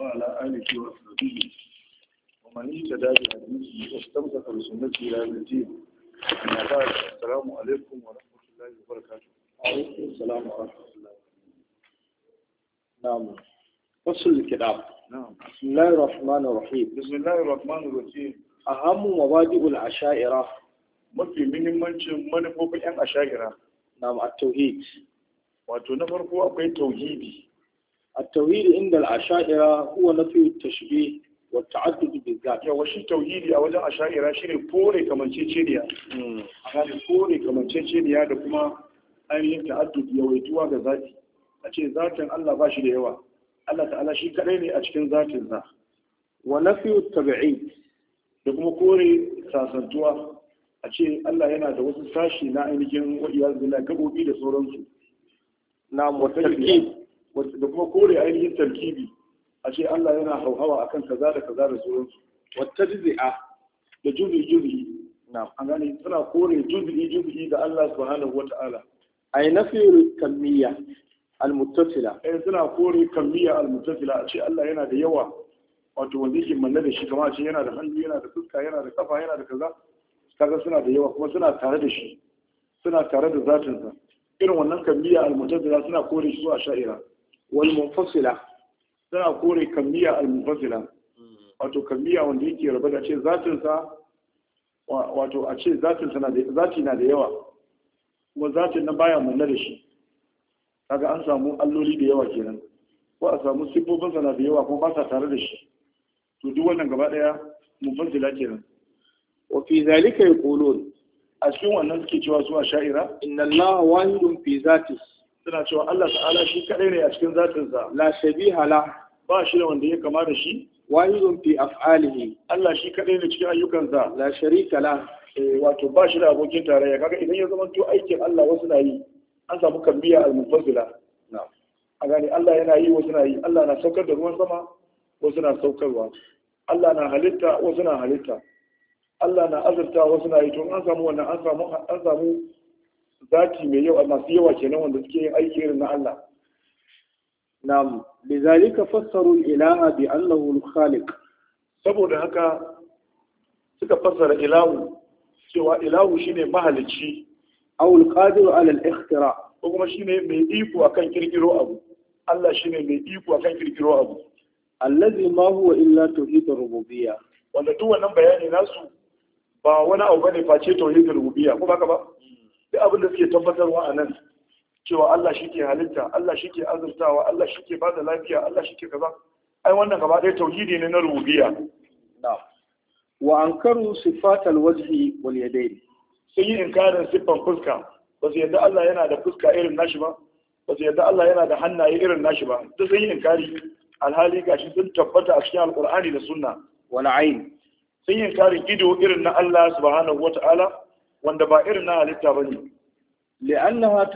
وعلى آله وأصحابه ومن اهتدى بهديه واستمسك بسنته إلى يوم الدين أما بعد السلام عليكم ورحمة الله وبركاته وعليكم السلام ورحمة الله نعم فصل الكتاب نعم بسم الله الرحمن الرحيم بسم الله الرحمن الرحيم أهم مبادئ العشائرة mafi muhimmancin manufofin 'yan ashagara na tauhid wato na farko akwai tauhidi التوحيد عند الأشاعرة هو نفي التشبيه والتعدد بالذات yawa shi tauhidi a wajen asha'ira shine kore kamanceceniya a kore kamanceceniya da kuma ainihin ta'addud yawaituwa ga zati a ce zatin Allah ba shi da yawa Allah ta'ala shi kadai ne a cikin zatin sa wa nafiyu tabi'i da kuma kore sasantuwa a ce Allah yana da wasu sashi na ainihin wa'iyar zina gabobi da sauransu na mutafiya da kuma kore ainihin tarkibi a ce Allah yana hauhawa a kan kaza da kaza da sauransu wata jizi'a da jubi-jubi na an gane suna kore jubi-jubi da Allah wata subhanahu wata'ala ay nafi kamiyya almuttasila eh suna kore kamiyya almuttasila a ce Allah yana da yawa wato wanda yake manna da shi kamar a ce yana da hannu yana da fuska yana da kafa yana da kaza kaga suna da yawa kuma suna tare da shi suna tare da zatinsa irin wannan kamiyya almuttasila suna kore shi zuwa sha'ira walmunfasila munfasila tana kore kambiya almunfasila wato kambiya wanda yake rabu da ce zatinsa wato a ce zatin na da zati na da yawa kuma zatin na baya mun da shi kaga an samu alloli da yawa kenan ko a samu siffofin sana na da yawa kuma ba sa tare da shi to duk wannan gaba daya munfasila kenan wa fi zalika yaqulun a cikin wannan suke cewa su a sha'ira inna allaha wahidun fi zatihi suna cewa Allah ta'ala shi kadai ne a cikin zatinsa la shabiha la ba shi da wanda ya kama da shi wahidun fi af'alihi Allah shi kadai ne cikin ayyukansa la sharika la eh, wato ba shi da abokin tarayya kaga idan ya zama to aikin Allah wasu na yi an samu kambiya al-mufassila na'am a gani Allah yana yi wasu na yi Allah na saukar da ruwan sama wasu na saukarwa Allah na halitta wasu na halitta Allah na azurta wasu na yi to an samu wannan an samu an samu zati mai yawa masu yawa kenan wanda suke yin aiki irin na Allah na'am lizalika fassaru ilaha bi annahu al-khaliq saboda haka suka fassara ilahu cewa ilahu shine mahalicci aw al-qadir ala al-ikhtira ko kuma shine mai iko akan kirkiro abu Allah shine mai iko akan kirkiro abu allazi ma huwa illa da rububiya. wanda duk wannan bayani nasu ba wani abu bane face da rububiya, ko baka ba duk abin da suke tabbatarwa a nan cewa Allah shi ke halitta Allah shi ke azurtawa Allah shi ke bada lafiya Allah shi ke kaza ai wannan gaba ɗaya tauhidi ne na rububiyya wa ankaru sifatal wajhi wal yadayn sun yi inkarin siffan fuska ba su yadda Allah yana da fuska irin nashi ba ba su yadda Allah yana da hannaye irin nashi ba duk sun yi inkari alhali gashi sun tabbata a cikin alqur'ani da sunna wal ayn sun yi inkarin ido irin na Allah subhanahu wata'ala wanda ba irin na halitta ba ne. ta bane لأنها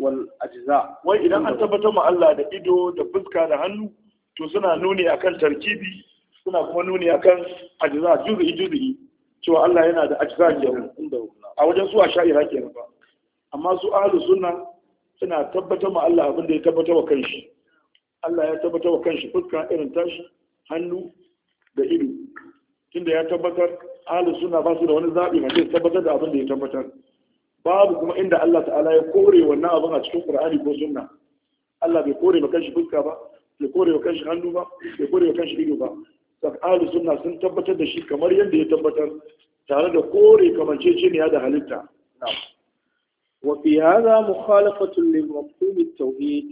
wal Ajiza. Wai idan an tabbatar ma Allah da ido da fuska da hannu to suna nuni akan tarkibi suna kuma nuni akan ajza juz'i juz'i cewa Allah yana da ajza kenan a wajen su a sha'ira kenan ba amma su ahlus sunna suna tabbatar ma Allah abin da ya tabbatar wa kanshi Allah ya tabbatar wa kanshi fuska irin tashi hannu da ido tunda ya tabbatar ahlus sunna ba su da wani zabi sai tabbatar da abin da ya tabbatar babu kuma inda Allah ta'ala ya kore wannan abin a cikin Qur'ani ko sunna Allah bai kore ba kanshi fuska ba bai kore ba kanshi hannu ba bai kore ba kanshi ido ba sak ahlus sunna sun tabbatar da shi kamar yadda ya tabbatar tare da kore kamanceceniya da halitta na'am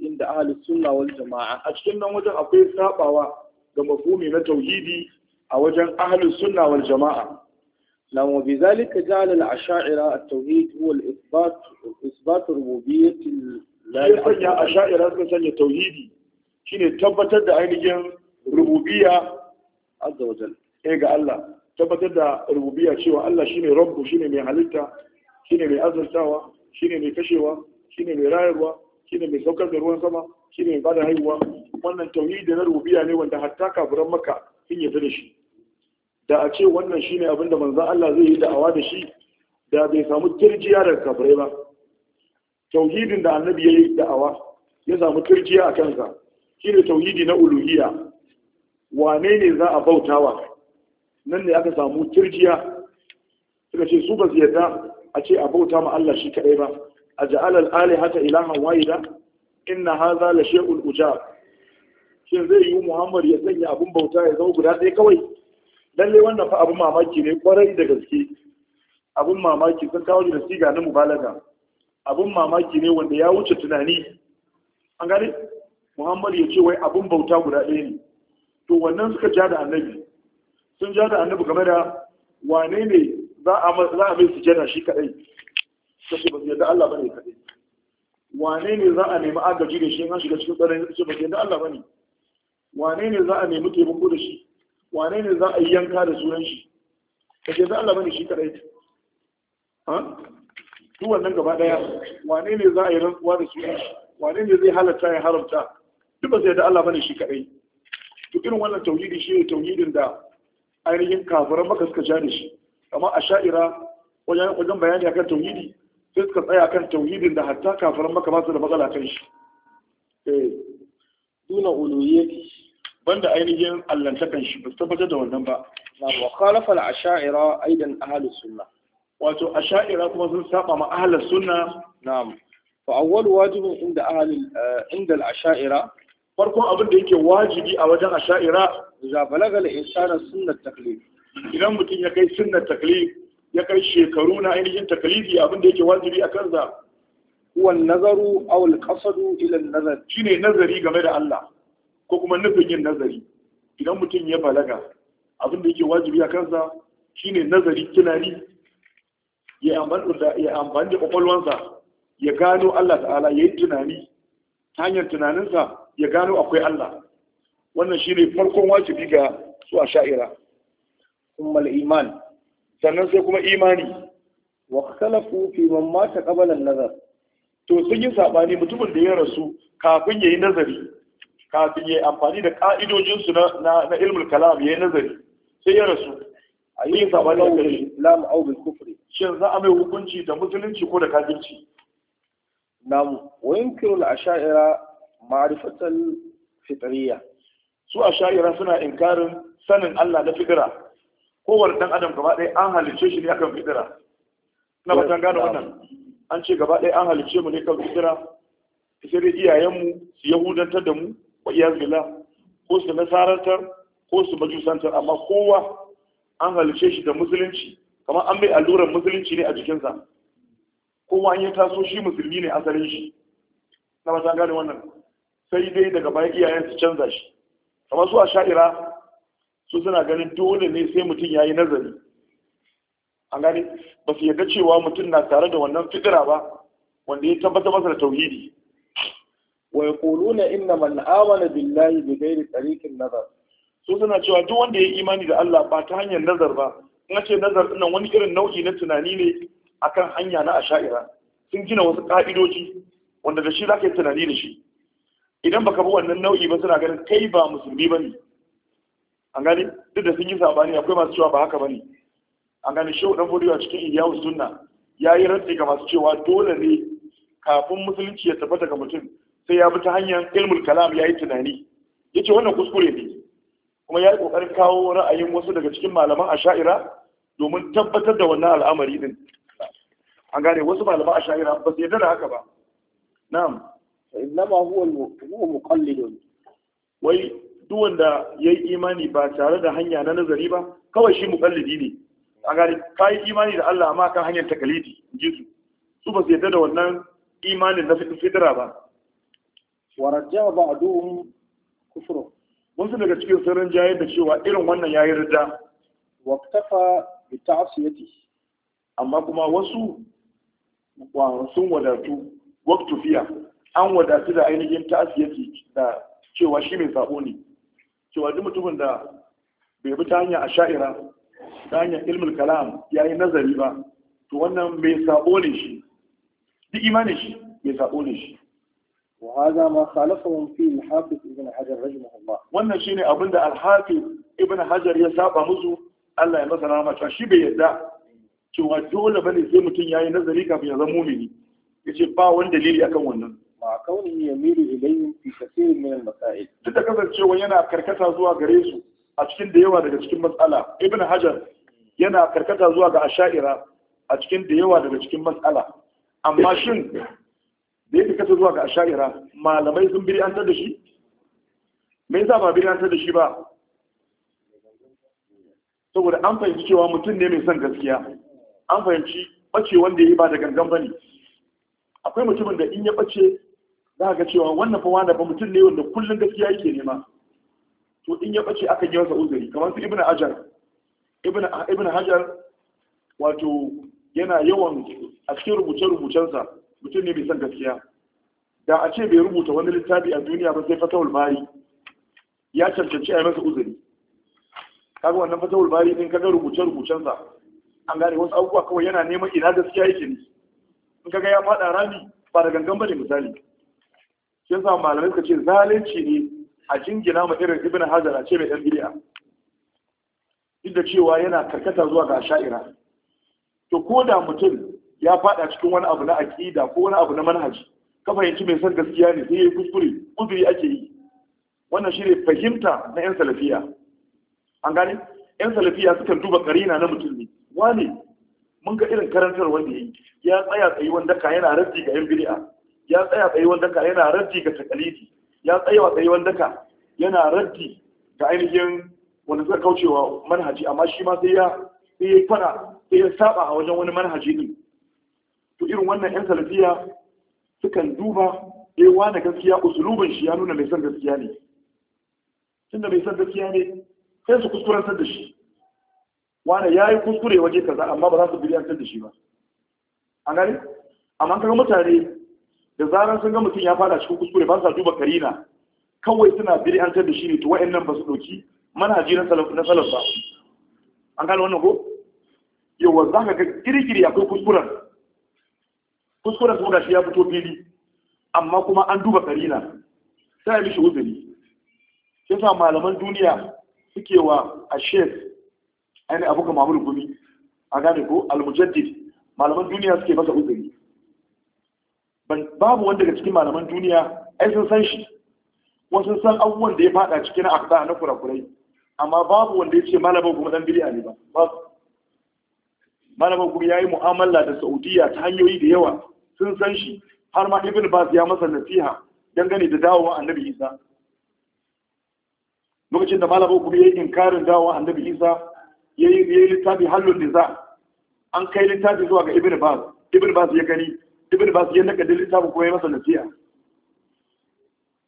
inda هذا sunna wal jama'a? A cikin nan wajen akwai sabawa, أقول mafhumi na التوحيد a wajen ahlus sunna wal jama'a نعم وبذلك جعل الأشاعرة التوحيد هو الإثبات إثبات ربوبية الله يسمى أشاعرة يسمى توحيدي شين تبت دا عينجين ربوبية عز وجل إيه الله تبت دا ربوبية شوى الله شين رب شين مي حلتا شين مي أزل سوا شين مي كشوا شين مي رايوا شين مي سوكر دروان سما شين مي بعد هيوا wannan tauhidi na rubiya ne wanda hatta kafiran maka sun yi da shi da a ce wannan shi ne abinda manzan Allah zai yi da'awa da shi da bai samu tirjiya daga kafirai ba tauhidin da annabi ya yi da'awa ya samu tirjiya a kansa ne tauhidi na uluhiyya wane ne za a bautawa nan ne aka samu tirjiya suka ce su ba su yarda a ce a bauta ma Allah shi kaɗai ba a ja'alal alihata ilahan wahida inna hadha la shay'un ujab shin zai yi Muhammad ya sanya abin bauta ya zama guda ɗaya kawai lalle wannan fa abin mamaki ne kwarai da gaske abin mamaki sun kawo da siga na mubalaga abin mamaki ne wanda ya wuce tunani an gani muhammad ya ce wai abin bauta guda ɗaya ne to wannan suka ja da annabi sun ja da annabi game da wane ne za a mai jana shi kaɗai ta ce ba su yadda Allah ba ne kaɗai wane ne za a nemi agaji da shi an shiga cikin tsarin ce ba su yadda Allah ba ne wane ne za a nemi taimako da shi wane ne za a yi yanka da sunan shi ka ce za Allah bane shi kadai ha tu wannan gaba daya wane ne za a yi rantsuwa da sunan shi wane ne zai halatta ya haramta duk ba sai da Allah bane shi kadai to irin wannan tauhidi shi ne tauhidin da ainihin kafiran maka suka ja da shi amma a sha'ira wajen bayani akan tauhidi sai suka tsaya akan tauhidin da hatta kafiran maka ba su da matsala kan shi eh duna uluyyati banda ainihin allantakan shi ba tabbatar da wannan ba na wa khalafa al-ash'ira aidan ahli sunna wato ash'ira kuma sun saba ma ahli sunna na'am fa awwal wajibin inda ahli eh, inda al-ash'ira farkon abin da yake wajibi a wajen ash'ira za balaga al-insana sunnat taklif idan mutum ya kai sunnat taklif ya kai shekaru na ainihin taklifi abin da yake wajibi a kansa huwa an-nazaru aw al-qasdu ila an-nazar shine nazari game da Allah ko kuma nufin yin nazari idan mutum ya balaga abin da yake wajibi a kansa shine nazari tunani ya amfani da kwakwalwansa ya gano Allah ta'ala ya yi tunani ta hanyar tunaninsa ya gano akwai Allah wannan shine farkon wajibi ga su a sha'ira ummal iman sannan sai kuma imani wa khalafu fi man mata qabala nazar to sun yi saɓani mutumin da ya rasu kafin ya yi nazari kafin ya amfani da ka'idojinsu na ilmul kalam ya yi nazari sai ya rasu a yi sabani da kai lam au bil kufri shin za a mai hukunci da musulunci ko da kafirci nam wa yunkiru al asha'ira ma'rifatal fitriya su asha'ira suna inkarin sanin Allah na fidira kowar dan adam gaba ɗaya an halicce shi ne akan fidira na batan gano wannan an ce gaba ɗaya an halicce mu ne kan fidira sai dai iyayenmu su yahudantar da mu wa ko su nasarantar ko su majusantar amma kowa an halice shi da musulunci kamar an bai allurar musulunci ne a jikinsa kowa an yi taso shi musulmi ne asalin shi na ba ta gane wannan sai dai daga bayan iyayen su canza shi kamar su a sha'ira su suna ganin dole ne sai mutum ya yi nazari an gane ba su yarda cewa mutum na tare da wannan fitira ba wanda ya tabbatar masa da tauhidi Wai yaquluna innama al-amana billahi bi ghairi tariqin nazar su suna cewa duk wanda ya imani da Allah ba ta hanyar nazar ba in ce nazar dinnan wani irin nau'i na tunani ne akan hanya na asha'ira sun gina wasu ka'idoji wanda da shi zaka yi tunani da shi idan baka bi wannan nau'i ba suna ganin kai ba musulmi bane an gane duk da sun yi sabani akwai masu cewa ba haka bane an gane shehu dan fodiyo a cikin iyawu sunna yayi rantsi ga masu cewa dole ne kafin musulunci ya tabbata ga mutum sai ya bi ta hanyar ilmul kalam ya yi tunani ya ce wannan kuskure ne kuma ya yi ƙoƙarin kawo ra'ayin wasu daga cikin malaman a Shaira domin tabbatar da wannan al'amari din an gane wasu malaman a Shaira ba su yadda da haka ba na'am innama huwa huwa muqallidun wai duk wanda yayi imani ba tare da hanya na nazari ba kawai shi muqallidi ne an gane kai imani da Allah amma kan hanyar takalidi in ji su su ba su yarda da wannan imanin na fitira ba warajja ba'duhum kufru wasu daga cikin sirrin jaye da cewa irin wannan yayi rida waqtafa bi ta'siyati amma kuma wasu wa sun wadatu waqtu fiya an wadatu da ainihin ta'siyati da cewa shi mai sabo ne cewa duk mutumin da bai bi ta hanyar asha'ira ta hanyar ilmul kalam yayi nazari ba to wannan mai sabo ne shi duk imanin shi mai sabo ne shi وهذا ما خالفهم فيه الحافظ ابن حجر رحمه الله wannan shine abin da alhafi ibn hajar ya saba musu Allah ya masa rahama cewa shi bai yarda' cewa dole ne sai mutum yi nazari kafin ya zama mumini yace ba wani dalili akan wannan ma kauni yamilu ilayhim fi kaseerin min al-masail duk da kasancewa yana karkata zuwa gare su a cikin da yawa daga cikin matsala ibn hajar yana karkata zuwa ga asha'ira a cikin da yawa daga cikin matsala amma shin da yake kasa zuwa ga asha'ira malamai sun bir'antar da shi me yasa ba bir'antar da shi ba saboda an fahimci cewa mutum ne mai son gaskiya an fahimci bace wanda ya yi ba da gangan ba ne. akwai mutumin da in ya bace za ga cewa wannan fa wanda ba mutum ne wanda kullum gaskiya yake nema to in ya bace akan yi masa uzuri kamar su ibnu hajar ibnu ibnu hajar wato yana yawan a cikin rubuce-rubucensa mutum ne mai san gaskiya da a ce bai rubuta wani littafi a duniya ba sai fatawul bari ya cancanci a yi masa uzuri kaga wannan fatawul bari din kaga rubuce rubucen sa an gane wasu abubuwa kawai yana neman ina gaskiya yake ne in kaga ya faɗa rami ba da gangan bane misali shi yasa malamai suka ce zalunci ne a jingina ma irin ibn hajar a ce mai dan bid'a duk da cewa yana karkata zuwa ga sha'ira to ko da mutum ya fada cikin wani abu na aqida ko wani abu na manhaji ka fahimci mai san gaskiya ne sai yayi kuskure uzuri ake yi wannan shine fahimta na yan salafiya an gane yan salafiya sukan duba karina na mutum ne wani mun ga irin karantar wanda yayi ya tsaya tsayi wanda ka yana raddi ga yan bid'a ya tsaya tsayi wanda ka yana raddi ga takalidi ya tsaya tsayi wanda ka yana raddi ga ainihin wanda suka kaucewa manhaji amma shi ma sai ya sai ya fara sai ya saba a wajen wani manhaji ne. irin wannan yan salafiya sukan duba eh wani gaskiya usulubin shi ya nuna mai san gaskiya ne tunda mai san gaskiya ne sai su kuskurantar da shi wani ya yi kuskure waje kaza amma ba za su an da shi ba a gani amma kaga mutane da zarar sun ga mutum ya fada cikin kuskure ba sa duba karina kawai suna biri an da shi ne to wa'annan ba su ɗauki manhaji na salaf na salaf ba an gane wannan ko yawa za ka ga kirkiri akwai kuskuren kuskuren kuma shi ya fito fili amma kuma an duba karina sai mishi uzuri sai sa malaman duniya suke wa a shef ainihin abuka mamul gumi a gane ko almujaddid malaman duniya suke masa uzuri babu wanda daga cikin malaman duniya ai sun san shi wasu san abubuwan da ya fada cikin akda na kurakurai amma babu wanda ya ce malaman kuma dan biliya ne ba malaman kuma yi mu'amala da Saudiya ta hanyoyi da yawa sun san shi har ma ibn bas ya masa nasiha dangane da dawowa annabi isa lokacin da malama kuma ya yi inkarin dawowa annabi isa ya yi littafi hallun za, an kai littafi zuwa ga ibn bas ibn bas ya gani ibn bas ya da littafin kuma ya masa nasiha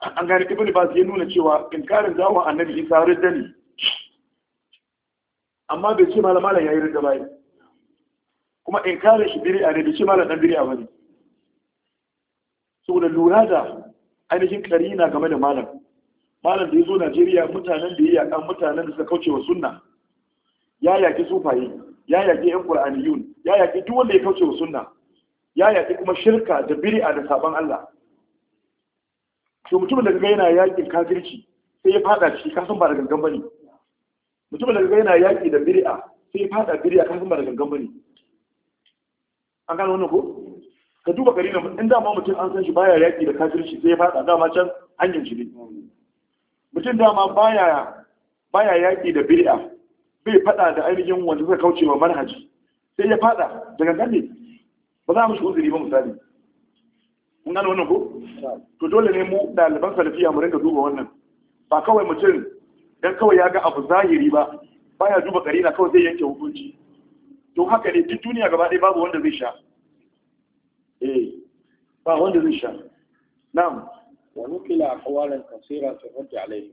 an gani ibn bas ya nuna cewa inkarin dawowa annabi isa ridda ne amma bai ce malama ya yi ridda ba kuma inkarin shi biri a ne bai ce malam dan biri a ne. saboda lura da ainihin karina game da malam malam da ya zo najeriya mutanen da ya yaƙa mutanen da suka kauce wa sunna ya yaƙi sufaye ya yaƙi yan qur'aniyun ya yaƙi duk wanda ya kauce wa sunna ya yaƙi kuma shirka da biri'a da sabon Allah to mutumin da kaga yana yaƙin kafirci sai ya fada ciki ka san ba da gangan bane mutumin da kaga yana yaƙi da biri'a sai ya fada biri'a ka san ba da gangan bane an gano wannan ko ka duba gari na in dama mutum an san shi baya yaƙi da kafirci sai ya faɗa dama can hanyar shi ne mutum dama baya baya yaƙi da bid'a bai faɗa da ainihin wanda suka kauce wa manhaji sai ya faɗa da gangan ne ba za mu shi uzuri ba misali kun gane wannan ko to dole ne mu ɗaliban salafiya mu rinka duba wannan ba kawai mutum dan kawai ya ga abu zahiri ba baya duba na kawai zai yanke hukunci to haka ne duk duniya gaba ɗaya babu wanda zai sha eh ba wanda zai sha na'am wa nukila aqwalan kaseera fi radd alayhi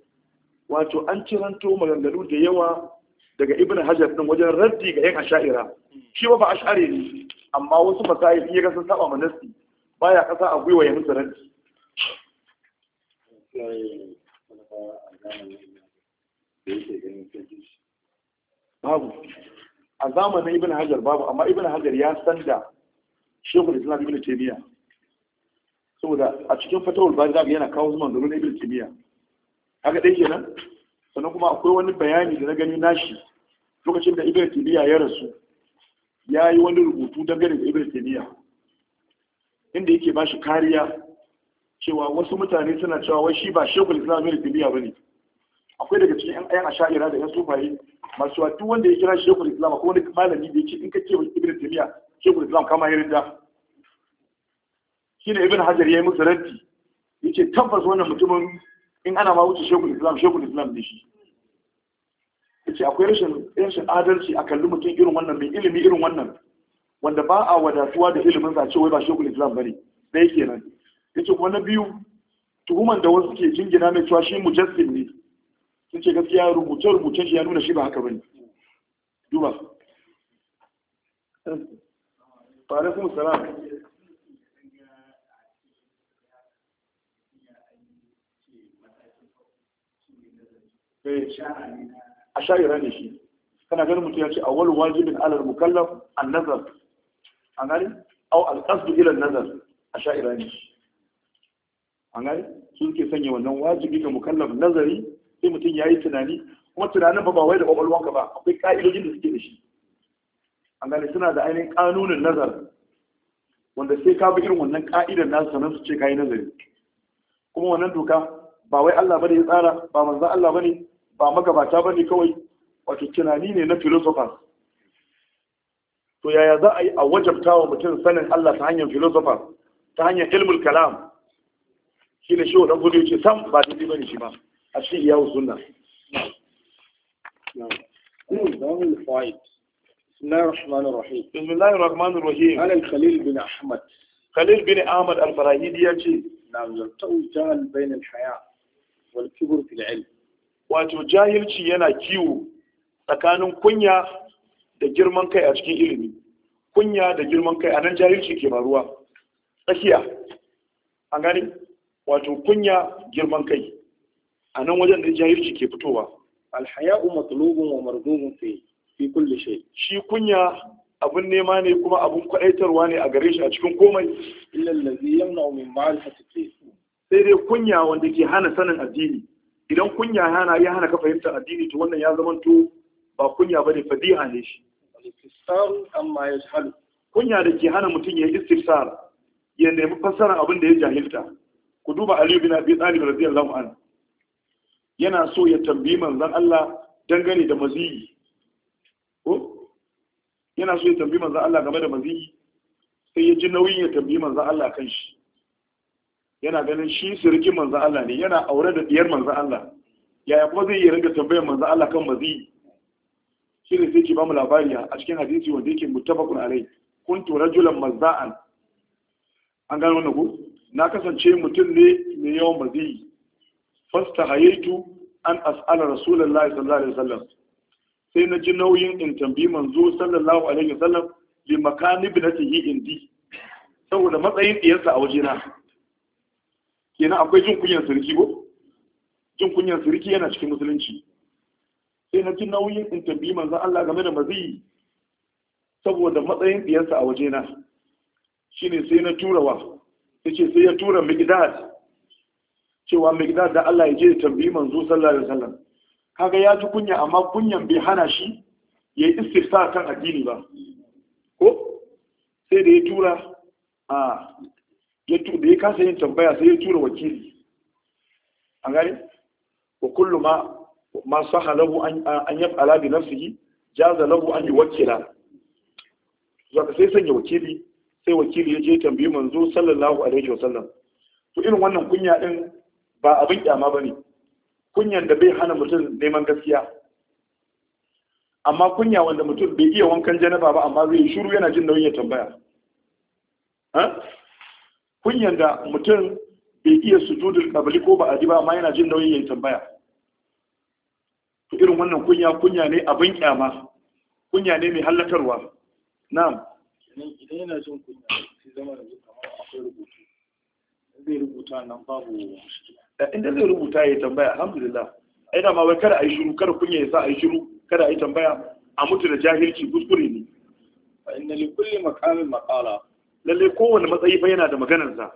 wato an ciranto maganganu da yawa daga ibn hajar din wajen raddi ga yan asha'ira shi ba ash'ari ne amma wasu fasahi sun ga sun saba manasi baya kasa a gwiwa ya musu raddi babu a zamanin ibn hajar babu amma ibn hajar ya san da shekul islam ibn taymiya saboda a cikin fatawul bari zabi yana kawo zuman garin ibn taymiya haka dai kenan sannan kuma akwai wani bayani da na gani nashi lokacin da ibn taymiya ya rasu ya yi wani rubutu dangane da ibn taymiya inda yake ba shi kariya cewa wasu mutane suna cewa wai shi ba shekul islam ibn taymiya bane akwai daga cikin yan ayan asha'ira da yan sufaye masu cewa duk wanda ya kira shekul islam ko wani malami da ya in ka ce ibn taymiya shekul islam kama ya rinda shine ibn hajar ya yi musu Ya yace tabbas wannan mutumin in ana ma wuce shekul islam shekul islam da shi yace akwai rashin rashin adalci a kalli mutum irin wannan mai ilimi irin wannan wanda ba a wadatuwa da ilimin sa wai ba shekul islam bane dai kenan yace kuma na biyu tuhuman da wasu ke jingina mai cewa shi mujassim ne sun ce gaskiya rubuce-rubuce shi ya nuna shi ba haka bane duba fara kuma salam eh, a sha'ira ne shi kana ganin mutu ya ce awal wajibin alal mukallaf an nazar an gani au al qasdu nazar a sha'ira ne shi an gani sun ke sanya wannan wajibi ga mukallaf nazari sai mutum ya yi tunani kuma tunanin ba ba wai da ƙwaƙwalwanka ba akwai ƙa'idojin da suke da shi an gane suna da ainihin kanunin nazar wanda sai ka bi irin wannan ƙa'idar nasu sannan su ce ka yi nazari kuma wannan doka ba wai Allah bane ya tsara ba manzan Allah ba ne, ba magabata ba ne kawai wato tunani ne na philosophers to yaya za a yi a wajabta wa mutum sanin Allah ta hanyar philosophers ta hanyar ilmul kalam Shi ne shi wa ɗan gudu ce sam ba daidai bane shi ba a cikin iyawu sunna نعم فايد بسم الله الرحمن الرحيم بسم الله الرحمن الرحيم أنا الخليل بن أحمد خليل بن أحمد الفراهيدي يجي نعم يلتوي بين الحياة والكبر في العلم wato jahilci yana kiwo tsakanin kunya da girman kai a cikin ilimi kunya da girman kai a nan jahilci ke maruwa? tsakiya an gani wato kunya girman kai a nan wajen da jahilci ke fitowa alhaya'u matlubun wa mardubun fi fi kulle shai. shi kunya abun nema ne kuma abun kwaɗaitarwa ne a gare shi a cikin komai illa allazi min ma'rifati sai dai kunya wanda ke hana sanin addini idan kunya hana ya hana ka fahimtar addini to wannan ya zamanto ba kunya bane fadiha ne shi al-istifsar amma yajhalu kunya da ke hana mutum ya yi istifsar ya nemi fassara abin da ya jahilta ku duba Ali bin Abi Talib radiyallahu anhu yana so ya tambayi manzan Allah dangane da maziyi ko yana so ya tambayi manzan Allah game da maziyi sai ya ji nauyin ya tambayi manzan Allah kan shi yana ganin shi sirki manzan Allah ne yana aure da diyar manzan Allah yaya kuma zai yi ringa tambayar manzan Allah kan maziyi shi ne sai ke ba mu labari a cikin hadisi wanda yake muttafaqun alai kuntu rajulan mazda'an an gano wannan ko na kasance mutum ne mai yawan maziyi fasta hayaitu an as'ala rasulullahi sallallahu alaihi wasallam sai na ji nauyin in tambayi manzo sallallahu alaihi wasallam li makani binatihi indi saboda matsayin diyarsa a wajena kenan akwai jin kunyan sirki ko jin kunyan sirki yana cikin musulunci sai na ji nauyin in tambayi manzo Allah game da mazi saboda matsayin diyarsa a wajena shine sai na turawa yace sai ya tura miqdad cewa miqdad da Allah ya je ya tambayi manzo sallallahu alaihi wasallam kaga ya ji kunya amma kunyan bai hana shi ya yi istifsa kan addini ba ko sai da ya tura a ya da ya kasa yin tambaya sai ya tura wakili a gani wa kullu ma ma saha lahu an yaf'ala bi nafsihi jaza lahu an yuwakkila zaka sai sanya wakili sai wakili ya je tambayi manzo sallallahu alaihi wasallam to irin wannan kunya din ba abin kyama ba ne kunyan da bai hana mutum neman gaskiya amma kunya wanda mutum bai iya wankan janaba ba amma zai shuru yana jin nauyin ya tambaya kunyan da mutum bai iya sujudul qabli ko ba ba amma yana jin nauyin ya tambaya to irin wannan kunya kunya ne abin kyama kunya ne mai hallakarwa na'am idan yana jin kunya sai zama da kamar akwai rubutu zai rubuta nan babu mushkila Eh, inda zai rubuta ya tambaya alhamdulillah ai da ma wai kada a yi shiru kada kunya yasa ai a yi shiru kada a yi tambaya a mutu da jahilci kuskure ne fa inna li kulli maqamin maqala lalle kowanne matsayi fa yana da maganar sa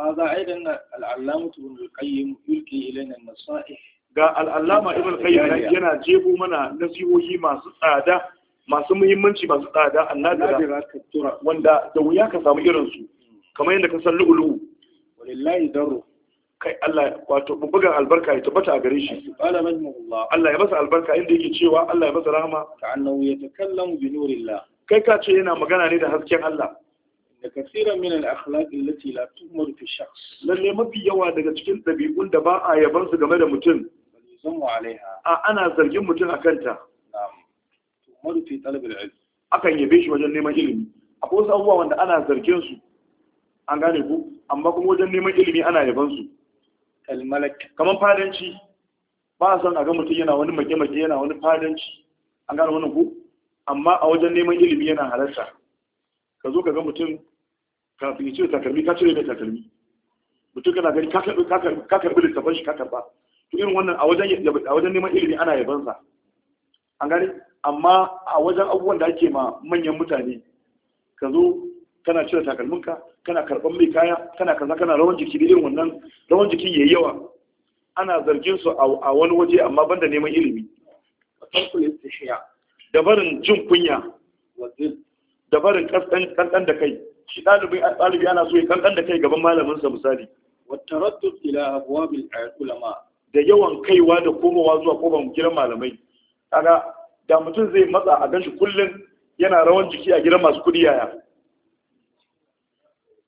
hadha aidan al allama ibn al-qayyim yulki ilaina an-nasaih ga al-allama ibn al-qayyim yana jebo mana nasihohi masu tsada masu muhimmanci masu tsada annadira wanda da wuya ka samu irin su kamar yadda ka san lu'ulu walillahi daru kai Allah wato bugan albarka ya tabbata a gare shi Allah ya masa albarka inda yake cewa Allah ya masa rahama ta'annahu yatakallamu bi nurillah kai ka ce yana magana ne da hasken Allah da kasiran min al-akhlaq allati la tumur fi shakhs lalle mafi yawa daga cikin dabi'un da ba a yaban su game da mutum yuzamu alaiha a ana zargin mutum akan ta tumur fi talab al-ilm akan yabe shi wajen neman ilimi akwai wasu abubuwa wanda ana zargin su an gane ku amma kuma wajen neman ilimi ana yaban su al-malak kaman fadanci ba a san a ga mutum yana wani mage-mage yana wani fadanci an gane wani ku amma a wajen neman ilimi yana halarta ka zo ka ga mutum ka ya cire takalmi ka cire da takalmi mutum kana gani ka karbi littafin shi ka karba to irin wannan a wajen neman ilimi ana sa an gane amma a wajen abubuwan da ake ma manyan mutane ka zo kana cire takalminka kana karban mai kaya kana kaza kana rawan jiki da irin wannan rawan jiki yayi yawa ana zargin su a wani waje amma banda neman ilimi da barin jin kunya da barin kankan da kai shi ɗalibi ɗalibi ana so ya kankan da kai gaban malamin sa misali wattarattub ila al ulama da yawan kaiwa da komowa zuwa koban gidan malamai kaga da mutum zai matsa a ganshi kullun yana rawan jiki a gidan masu kudi yaya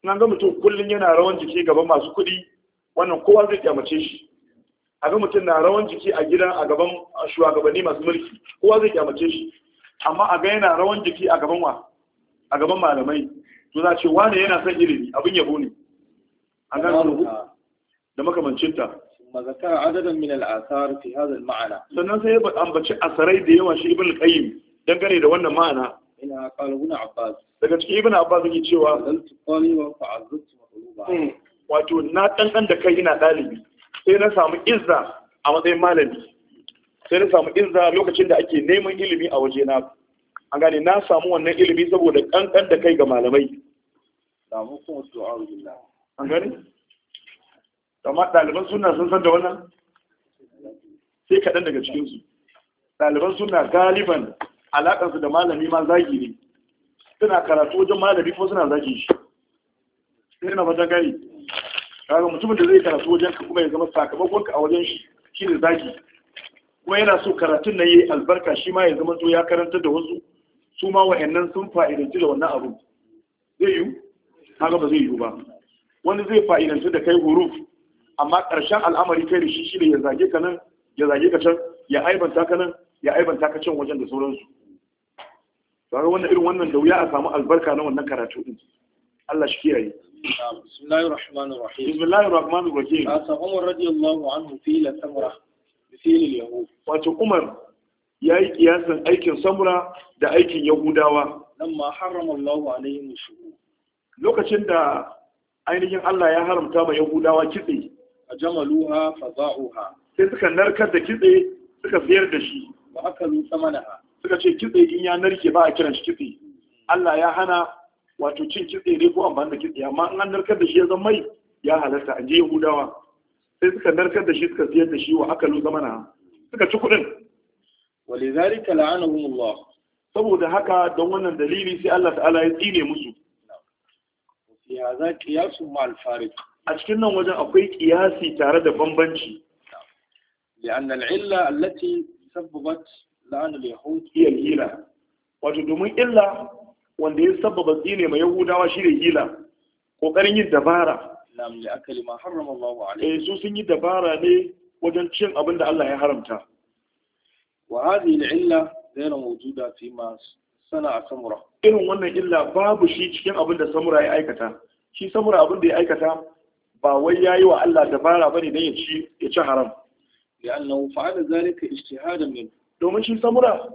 in ga mutum kullum yana rawan jiki gaban masu kuɗi wannan kowa zai kyamace shi a ga mutum na rawan jiki a gidan a gaban shugabanni masu mulki kowa zai kyamace shi amma a ga yana rawan jiki a gaban wa a gaban malamai to za ce wane yana son ilimi abin yabo ne A ga da makamancin ta mazakar adadin min al'asar fi hadha al sannan sai ya ambaci asarai da yawa shi ibn al-qayyim dangane da wannan ma'ana ina qala ibn abbas daga cikin ibn abbas yake cewa zaltu qaliban fa azzu matluba hmm, wato na dandan da kai ina dalibi sai na samu izza a matsayin malami sai na samu izza lokacin da ake neman ilimi a waje na an gane na samu wannan ilimi saboda kankan da kai ga malamai samu kuma du'a billah an gane amma ɗaliban suna sun san da wannan sai kaɗan daga cikinsu daliban suna galiban alaƙarsu da malami ma zagi ne suna karatu wajen malami ko suna zagi shi sai na fata gani kaga mutumin da zai karatu wajen ka kuma ya zama sakamakon ka a wajen shi shi ne zagi kuma yana so karatun na yi albarka shi ma ya zama to ya karanta da wasu su ma wa'annan sun fa'idanci da wannan abu zai yi kaga ba zai yi ba wani zai fa'idanci da kai huruf amma ƙarshen al'amari kai da shi shi ne ya zage ka nan ya zage ka can ya aibanta ka nan ya aibanta ka can wajen da sauransu ba wannan irin wannan da wuya a samu albarka na wannan karatu din Allah shi kiyaye bismillahir rahmanir rahim bismillahir rahmanir rahim asa umar radiyallahu anhu fi la samra bi fi'l yahud wato umar yayi kiyasan aikin samura da aikin yahudawa lamma harrama Allah alaihim shuhud lokacin da ainihin Allah ya haramta ma yahudawa kitse a jamaluha fada'uha sai suka narkar da kitse suka siyar da shi wa akalu samanaha suka ce kitse in ya narke ba a kiran shi kitse Allah ya hana wato cin kitse ne ko amfani da kitse amma in an narkar da shi ya zama mai ya halarta an je Yahudawa sai suka narkar da shi suka siyar da shi wa aka lu zamana suka ci kuɗin walidhalika la'anahumullah saboda haka don wannan dalili sai Allah ta'ala ya tsine musu fi hadha qiyasun ma'al fariq a cikin nan wajen akwai kiyasi tare da bambanci لأن العلة التي سببت la'anul yahud iya hila wato domin illa wanda ya sababa tsine mai yahudawa shi da hila Ƙoƙarin yin dabara lam aka akali ma harrama Allahu alayhi eh, su sun yi dabara ne wajen cin abin da Allah ya haramta wa hadhihi al-illa ghayra mawjuda fi ma sana'a samura irin wannan illa babu shi cikin abin da samura ya aikata shi samura abin da ya aikata ba wai ya yi wa Allah dabara bane dan ya ci ya ci haram لأنه فعل ذلك اجتهادا منه domin shi samura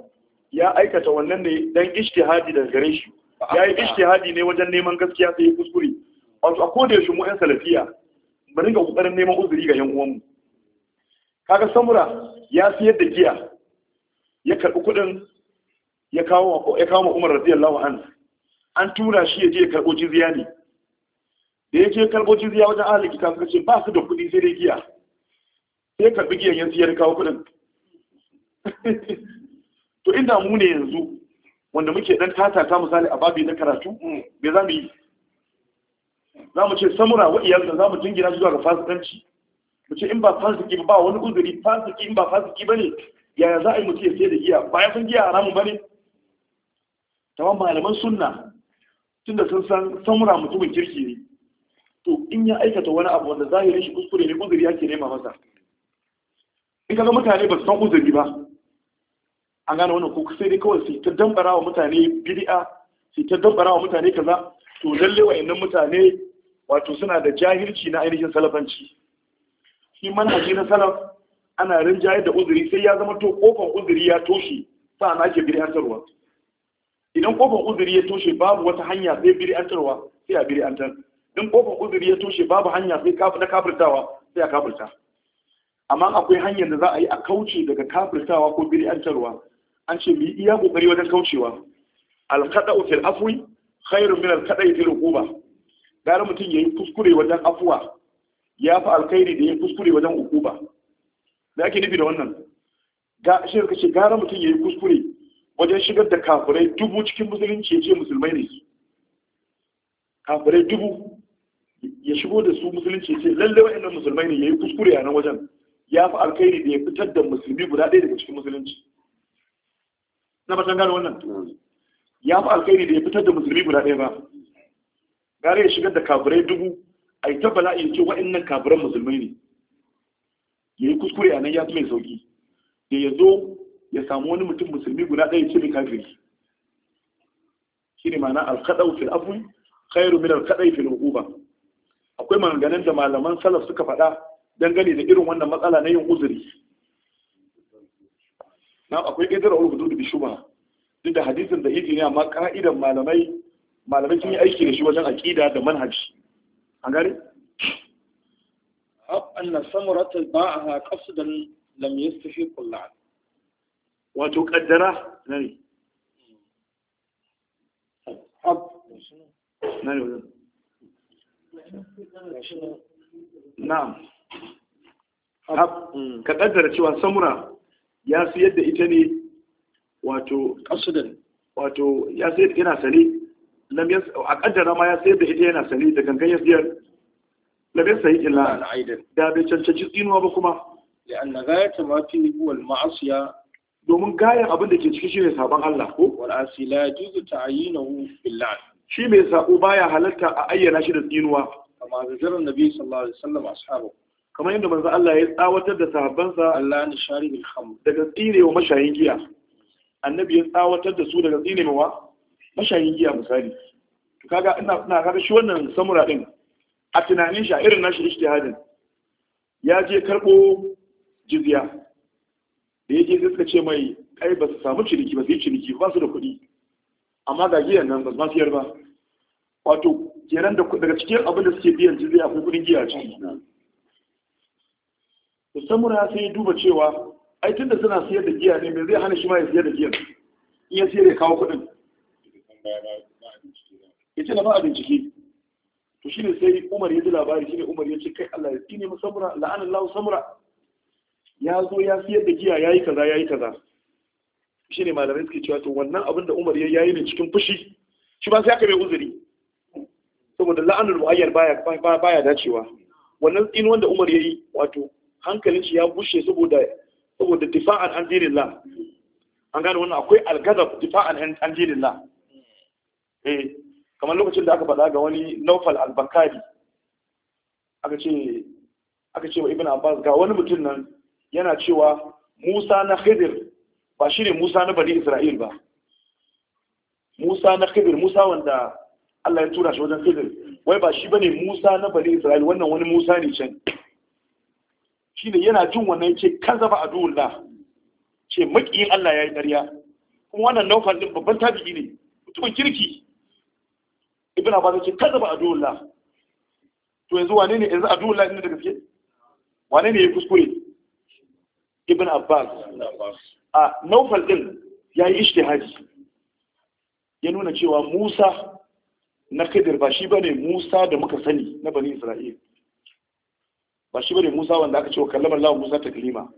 ya aikata wannan ne dan ishtihadi daga gare shi ya yi ishtihadi ne wajen neman gaskiya sai ya kuskure wato a koda yaushe mu yan salafiya mu ringa kokarin neman uzuri ga yan uwanmu kaga samura ya siyar da giya ya karbi kuɗin ya kawo ya kawo ma Umar radiyallahu an an tura shi ya je ya karbo jizya ne da ya je karbo jizya wajen ahli kitab suka ce ba su da kuɗi sai dai giya sai karbi giyan ya siyar kawo kuɗin to inda mu ne yanzu wanda muke dan ta misali a babi na karatu me za mu yi za mu ce samura wa iyalda za mu jingina zuwa ga fasikanci mu ce in ba fasiki ba wani uzuri fasiki in ba fasiki ba ne yaya za a yi mutu ya sai da giya bayan sun giya haramun ba ne Tawan malaman sunna da sun san samura mutumin kirki ne to in ya aikata wani abu wanda zahirin shi kuskure ne uzuri ke nema masa in kaga mutane ba su san uzuri ba an gane wannan kuka sai dai kawai su ta dambara wa mutane bid'a su ta dambara wa mutane kaza to lalle wa'annan mutane wato suna da jahilci na ainihin salafanci shi manhaji na salaf ana rinjayar da uzuri sai ya zama to kofar uzuri ya toshe sa'an ake bid'antarwa idan kofar uzuri ya toshe babu wata hanya sai bid'antarwa sai a bid'antar in kofar uzuri ya toshe babu hanya sai na kafirtawa sai a kafirta amma akwai hanyar da za a yi a kauce daga kafirtawa ko bid'antarwa an ce mi iya kokari wajen kaucewa alkada fil afwi khairu min alkada'i fil uquba gara mutum yayi kuskure wajen afwa ya fi alkhairi da yayi kuskure wajen uquba da ake nufi da wannan ga shi kace gara mutum yayi kuskure wajen shigar da kafirai dubu cikin musulunci ya ce musulmai ne kafirai dubu ya shigo da su musulunci ya ce lallai wa'annan musulmai ne yayi kuskure a nan wajen ya fi alkhairi da ya fitar da musulmi guda ɗaya daga cikin musulunci na ba gane wannan ya fi alkhairi da ya fitar da musulmi guda ɗaya ba gare ya shigar da kaburai dubu a yi ta bala'i ce wa'annan kaburan musulmai ne ya yi kuskure a nan ya fi mai sauki da ya zo ya samu wani mutum musulmi guda ɗaya ce mai kafiri shine ma'ana alkaɗau fil abu khairu min alkaɗai fil hukuba? akwai maganganun da malaman salaf suka faɗa dangane da irin wannan matsala na yin uzuri na akwai ƙidar wani hudu da shuba duk da hadisin da yake ne amma ka'idan malamai malamai sun yi aiki da shi wajen aƙida da manhaji an gane anna samarata ba'aha qasdan lam yastafi kullan wato kaddara nani ab nani wannan na'am ab ka kaddara cewa samura ya siyar da ita ne wato qasdan wato ya siyar yana sale lam yas a kaddara ma ya siyar da ita yana sale da gangan ya siyar lam yasai illa da bai cancanci tsinuwa ba kuma لأن غاية ما فيه wal المعصية domin gayan abin da ke ciki shine sabon Allah ko wal asila juzu ta'yinuhu billah shi mai sako baya halarta a ayyana shi da tsinuwa kama da zaran nabi sallallahu alaihi wasallam ashabu kamar yadda manzo Allah ya tsawatar da sahabbansa Allah ni shari bil khamr daga tsire wa mashayin giya annabi ya tsawatar da su daga tsire wa mashayin giya misali to kaga ina ina kaga shi wannan samura din a tunanin shi a irin nashi ijtihadin ya je karbo jizya da yake sai suka ce mai kai ba su samu ciniki ba su yi ciniki ba su da kuɗi amma ga giyan nan ba su ma ba wato kenan daga cikin abin da suke biyan jizya akwai kuɗin giya ciki to samura sai ya duba cewa ai tunda suna siyar da giya ne me zai hana shi ma ya siyar da giya in ya siyar ya kawo kuɗin ya ce na ba a bincike to ne sai umar ya ji labari ne umar ya ce kai Allah ya tsine mu samura la'anin Allah samura ya zo ya siyar da giya ya yi kaza ya yi kaza ne malamai suke cewa to wannan abin da umar ya yayi ne cikin fushi shi ba sai aka mai uzuri saboda la'anar muayyar baya dacewa wannan tsinuwan wanda umar ya yi wato hankalin shi ya bushe saboda saboda difa'an an dinin la an gane wannan akwai algazab difa'an an dinin la eh kamar lokacin da aka faɗa ga wani naufal al aka ce aka ce wa ibn abbas ga wani mutum nan yana cewa musa na khidir ba shi ne musa na bani isra'il ba musa na khidir musa wanda allah ya tura shi wajen khidir wai ba shi ba ne musa na bani isra'il wannan wani musa ne can shine yana jin wannan yake kazzaba aduwullah ce makiyin Allah yayi ƙarya kuma wannan naufal din babban tabi'i ne mutumin kirki ibn abbas yake kazzaba aduwullah to yanzu wane ne yanzu aduwullah ne da gaske wane ne ya kuskure ibn abbas a naufal din yayi Haji. ya nuna cewa Musa na Khidir ba shi bane Musa da muka sani na Bani Isra'il ba shi bane Musa wanda aka ce wa kallama Allah Musa taklima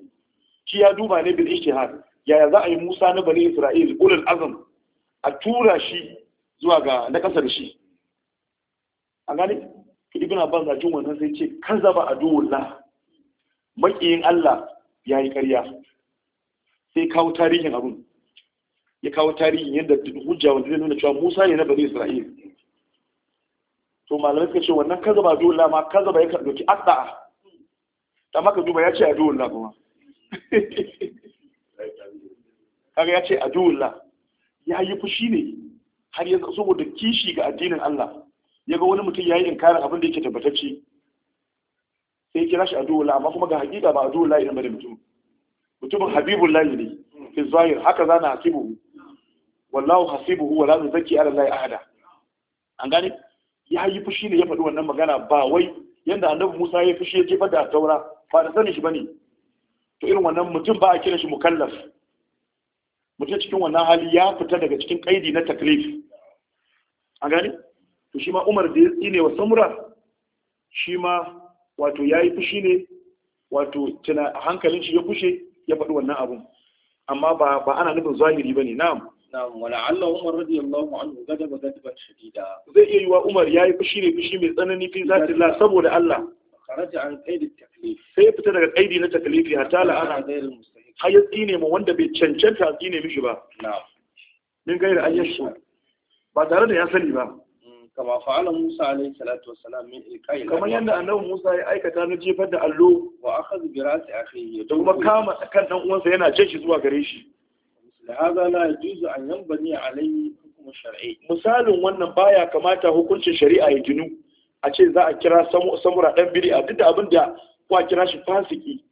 shi ya duba ne bil ijtihad yaya za a yi Musa na bani Isra'il ulul azm a tura shi zuwa ga na kasar shi an gane ibn Abbas na jin wannan sai ce kazaba aduwullah makiyin Allah ya yi ƙarya sai kawo tarihin abun ya kawo tarihin yadda hujja wanda zai nuna cewa Musa ne na bani Isra'il to malamai suka ce wannan kazaba dole ma kazaba ya dauki akda'a ta maka duba ya ce a duwulla kuma kaga ya ce a duwulla ya yi fushi ne har ya saboda kishi ga addinin Allah ya ga wani mutum ya yi inkarin abin da yake tabbatacce sai kira shi a duwulla amma kuma ga hakika ba a duwulla idan ba da mutum mutumin habibun layi ne fi zahir haka zana hasibuhu wallahu hasibuhu wala zaki ala layi ahada an gane ya yi fushi ne ya faɗi wannan magana ba wai yadda annabi Musa ya fushi ya jefa da taura ba da sanin shi ba ne to irin wannan mutum ba a kira shi mukallaf mutum cikin wannan hali ya fita daga cikin kaidi na taklif a gani to shi ma umar da ya tsine wa samura shi ma wato ya yi fushi ne wato tana hankalin shi ya fushe ya faɗi wannan abun amma ba ba ana nufin zahiri bane na'am na'am wala alla umar radiyallahu anhu gadaba gadaban shadida zai iya yiwa umar yayi fushi ne fushi mai tsanani fi zati Allah saboda Allah kharaja an taklif sai fita daga qaidi na taklifi hatta la ana ghayr mustahiq hayati ne mu wanda bai cancanta ji ne mishi ba na'am min ghayr ayyashu ba tare da ya sani ba mm, kama fa'ala Musa alayhi salatu min ilqa'i kamar yadda annabi Musa ya aikata na jefar da allo wa akhadha bi ra'si akhihi da kuma kama kan dan uwansa yana jan shi zuwa gare shi لهذا لا يجوز أن ينبني wannan baya kamata hukuncin shari'a ya ginu a ce za a kira samura ɗan a duk da abin da kuwa kira shi fasiki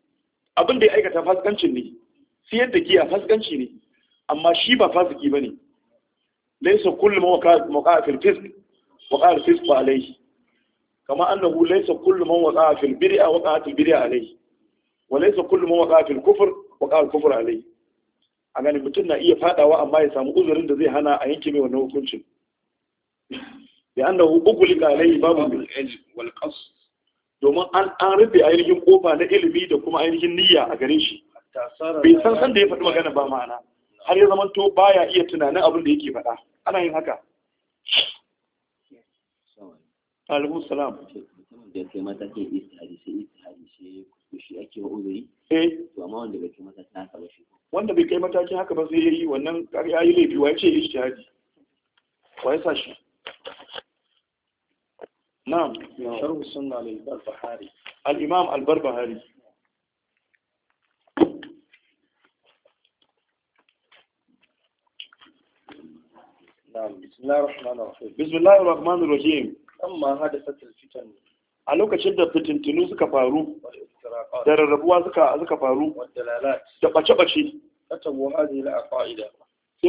abin da ya aikata fasikancin ne su da giya fasikanci ne amma shi ba fasiki ba ne laisa kullum waƙa fil fisk waƙa filfisk ba alai kama annahu laisa kullum waƙa filbiri a waƙa fil a alai, wa laisa kullum waƙa a filkufur waƙa al a alai. a ganin mutum na iya fadawa amma ya samu uzurin da zai hana a yanke mai wannan hukuncin da annahu ughliqa alayhi babun bil ilm wal domin an an rufe ainihin kofa na ilimi da kuma ainihin niyya a gare shi bai san san da ya faɗi magana ba ma'ana har ya zama to baya iya tunanin abin da yake faɗa ana yin haka alaikum salam da kai matakin istihari sai istihari sai shi ake wa uzuri eh to amma wanda bai kai matakin haka ba shi wanda bai kai matakin haka ba sai yayi wannan ya yi laifi wa ya ce istihari wa ya sa shi نعم شرح السنة للبربهاري الإمام البربهاري نعم بسم الله الرحمن الرحيم بسم الله الرحمن الرحيم أما حدثت الفتن a lokacin da fitintunu suka faru da rarrabuwa suka faru da ɓace-ɓace sai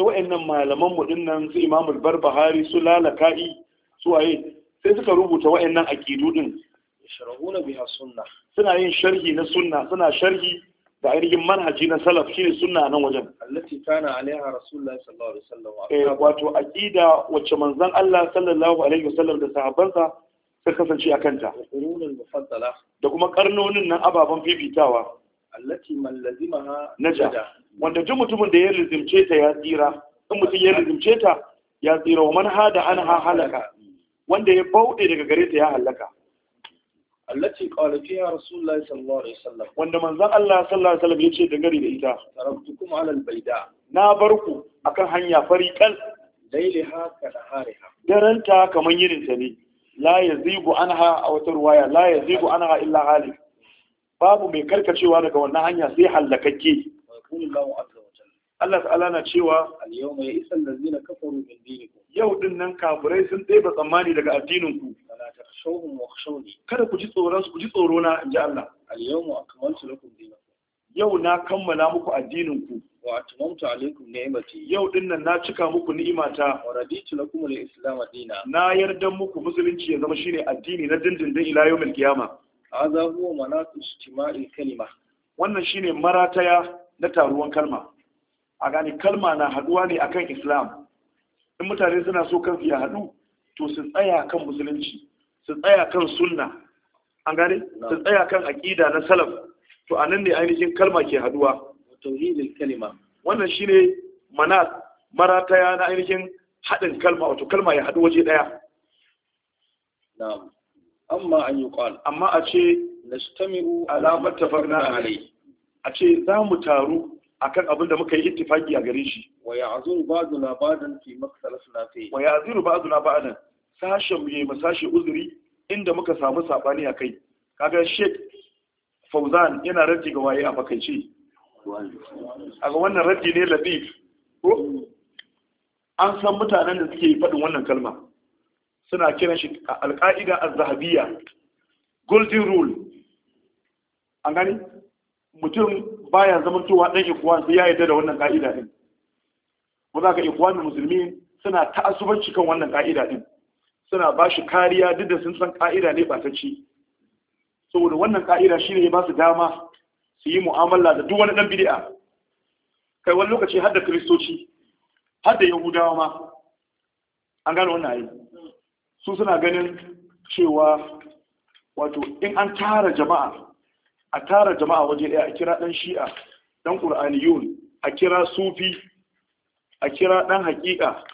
wa'annan malaman mu dinnan su imamul barbahari su lalaka'i su waye sai suka rubuta wa'annan aqidu din yashrahuna biha sunna suna yin sharhi na sunna suna sharhi da ainihin manhaji na salaf shine sunna nan wajen allati kana alaiha sallallahu alaihi wasallam eh wato aqida wacce manzon Allah sallallahu alaihi wasallam da sahabbansa sai kasance a kanta da kuma karnonin nan ababen fifitawa allati man lazimaha naja wanda duk mutumin da ya lazimce ta ya tsira in mutum ya lazimce ta ya tsira wa man hada an ha halaka wanda ya bauɗe daga gare ta ya halaka allati qala fiha rasulullahi sallallahu alaihi wasallam wanda manzan Allah sallallahu alaihi wasallam ce da gari da ita taraktukum bai da. na bar ku akan hanya fari haka da ka ha. daranta kaman yinin ta ne la yazigu ha a wata ruwaya la yazigu ha illa halik babu mai karkacewa daga wannan hanya sai hallakakke Allah ta'ala na cewa al-yawma ya'isal ladzina kafaru min dinikum yau din nan kafirai sun ɗeba tsammani daga addinin ku fala takhshawhum kada ku ji tsoron su ku ji tsoro na inji Allah al-yawma akmaltu lakum dinakum yau na kammala muku addinin ku wa atmamtu alaykum ni'mati yau din nan na cika muku ni'imata wa raditu lakum al-islam dinan na yarda muku musulunci ya zama shine addini na dindindin ila yawmil qiyama hadha huwa manatu ijtima'il kalima wannan shine marataya na taruwan kalma a gane kalma na haduwa ne akan islam in mutane suna so kansu ya hadu to su tsaya kan musulunci su tsaya kan sunna an gane su tsaya kan aqida na salaf to anan ne ainihin kalma ke haduwa tauhidul kalima wannan shine mana marataya na ainihin haɗin kalma wato kalma ya haɗu waje ɗaya na'am amma an yi qal amma a ce nastamiru ala mattafarna alai a ce za mu taru akan abin da muka yi ittifaki a gare shi wa ya'zuru ba'duna ba'dan fi maksalafina fi wa ya'zuru ba'duna ba'dan sashen mu ma sashe uzuri inda muka samu sabani a kai kaga Sheikh Fauzan yana raddi ga waye a fakaice aga wannan raddi ne latif ko an san mutanen da suke faɗin wannan kalma suna kiran shi alƙa'ida az-zahabiyya golden rule an gani mutum baya zamantowa dan ikwan sai ya yarda da wannan ka'ida din ko za ka musulmi suna ta'asubanci kan wannan ka'ida din suna ba shi kariya duk da sun san ka'ida ne batacci saboda wannan ka'ida shine ya ba su dama su yi mu'amala da duk wani dan bid'a kai wani lokaci har da kristoci har da yahudawa ma an gano wannan ayi su suna ganin cewa wato in an tara jama'a a tara jama'a waje ɗaya a kira ɗan shi'a ɗan ƙur'aniyun a kira sufi a kira ɗan haƙiƙa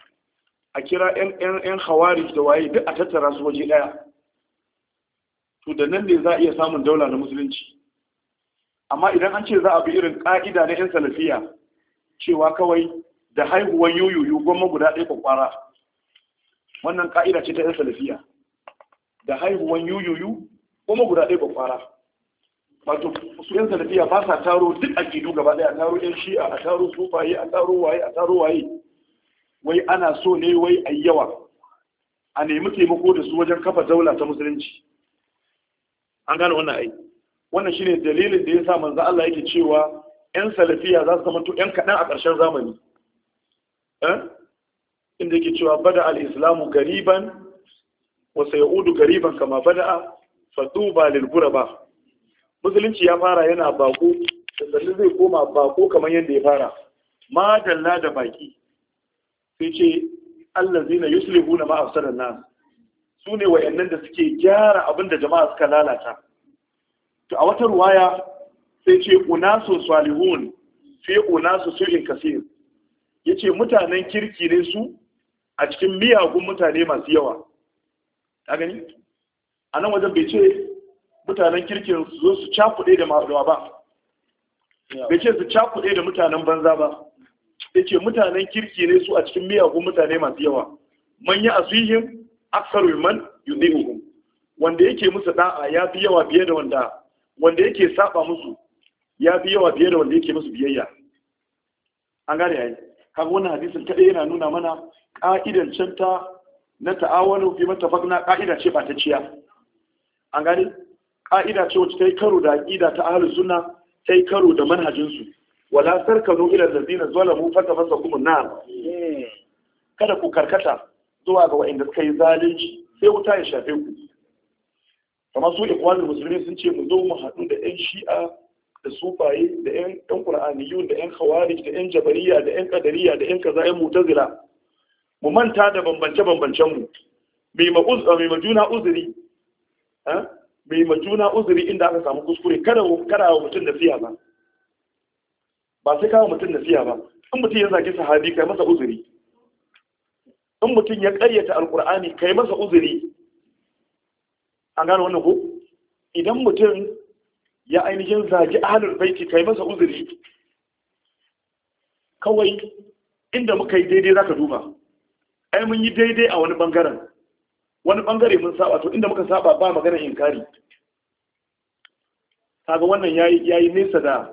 a kira ‘yan hawari da waye duk a tattara su waje ɗaya to da nan ne za a iya samun daula na musulunci amma idan an ce za a bi irin ƙa'ida na ‘yan salafiya cewa kawai da haihuwan yoyoyo gwamma guda ɗaya kwakwara wannan ƙa'ida ce ta ‘yan salafiya da haihuwan yoyoyo gwamma guda ɗaya kwakwara wato su yan salafiya ba sa taro duk aƙidu gaba ɗaya a taro yan shi'a a taro sufaye a taro waye a taro waye wai ana so ne wai a yawa a nemi taimako da su wajen kafa daula ta musulunci an gane wannan ai wannan shine dalilin da ya sa manzo Allah yake cewa yan salafiya za su zama to yan kaɗan a ƙarshen zamani eh? inda yake cewa bada al-islamu gariban wa sayaudu gariban kama bada'a fa tuba lil ghuraba musulunci ya fara yana bako da sannan zai koma bako kamar yadda ya fara madalla da baki sai ce Allah yuslihu na ma'afsar nan su ne wayannan da suke gyara abin da jama'a suka lalata to a wata ruwaya sai ce unasu salihun fi unasu su'in kasir yace mutanen kirki ne su a cikin miyagun mutane masu yawa ka gani a nan wajen bai ce mutanen kirkin su zo su cakuɗe da ma'aduwa ba bai ce su cakuɗe da mutanen banza ba ya ce mutanen kirki ne su a cikin miyagun mutane masu yawa Manya a asihim aksaru man yudi'uhum wanda yake musu ɗa'a ya fi yawa biye da wanda wanda yake saba musu ya fi yawa biye da wanda yake musu biyayya an gane yayi haka wannan hadisin kadai yana nuna mana ka'idan canta na ta'awano fi mata fagna ƙa'ida ce ba ta ciya an gane ka'ida ce wacce ta yi karo da aƙida ta ahalus suna ta yi karo da manhajinsu wala sarkanu ila fata fasa kuma na. kada ku karkata zuwa ga wa'inda suka yi zalunci sai wuta ya shafe ku kamar su ikwani musulmi sun ce mu zo mu haɗu da yan shi'a da sufaye da yan yan qur'aniyun da yan khawarij da yan jabariya da yan qadariya da yan kaza yan mutazila mu manta da bambance bambancen mu bai ma juna mai uzuri mai majuna uzuri inda aka samu kuskure kada kada wa mutum nasiha ba ba sai kawo mutum nasiha ba in mutum ya zaki sahabi kai masa uzuri in mutum ya ƙaryata alqur'ani kai masa uzuri an gano wannan ko idan mutum ya ainihin zaki ahlul baiti kai masa uzuri kawai inda muka yi daidai zaka duba ai mun yi daidai a wani bangaren wani bangare mun saba to inda muka saba ba magana inkari kaga wannan yayi yayi nesa da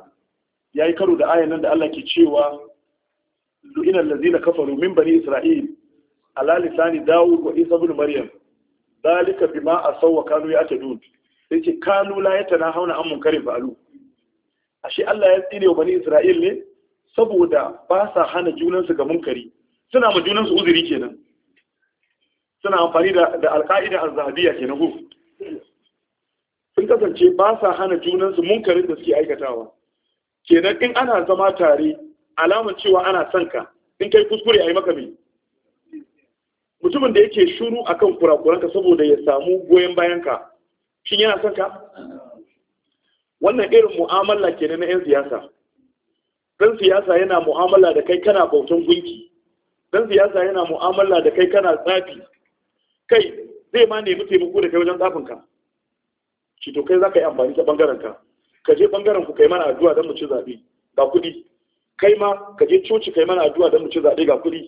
yayi karo da ayan nan da Allah ke cewa lu'ina allazina kafaru min bani isra'il ala lisani daud wa isa ibn maryam dalika bima asaw wa kanu ya'tadun sai kanu la hauna an munkarin fa'alu ashe Allah ya tsire wa bani isra'il ne saboda ba sa hana junansu ga munkari suna ma junansu uzuri kenan suna amfani da alka'ida a zahabiya ke na sun kasance ba sa hana junansu munkarin da suke aikatawa kenan in ana zama tare alamar cewa ana son ka in kai kuskure a yi maka mai mutumin da yake shuru akan kurakuranka saboda ya samu goyon bayanka shin yana son ka wannan irin mu'amala kenan na 'yan siyasa ɗan siyasa yana mu'amala da kai kana bautan gunki ɗan siyasa yana mu'amala da kai kana tsafi kai zai ma nemi taimako da kai wajen tsafin ka shi to kai za ka yi amfani ta bangaren ka ka je bangaren ku kai mana addu'a don mu ci zaɓe ga kuɗi kai ma ka je coci kai mana addu'a don mu ci zaɓe ga kuɗi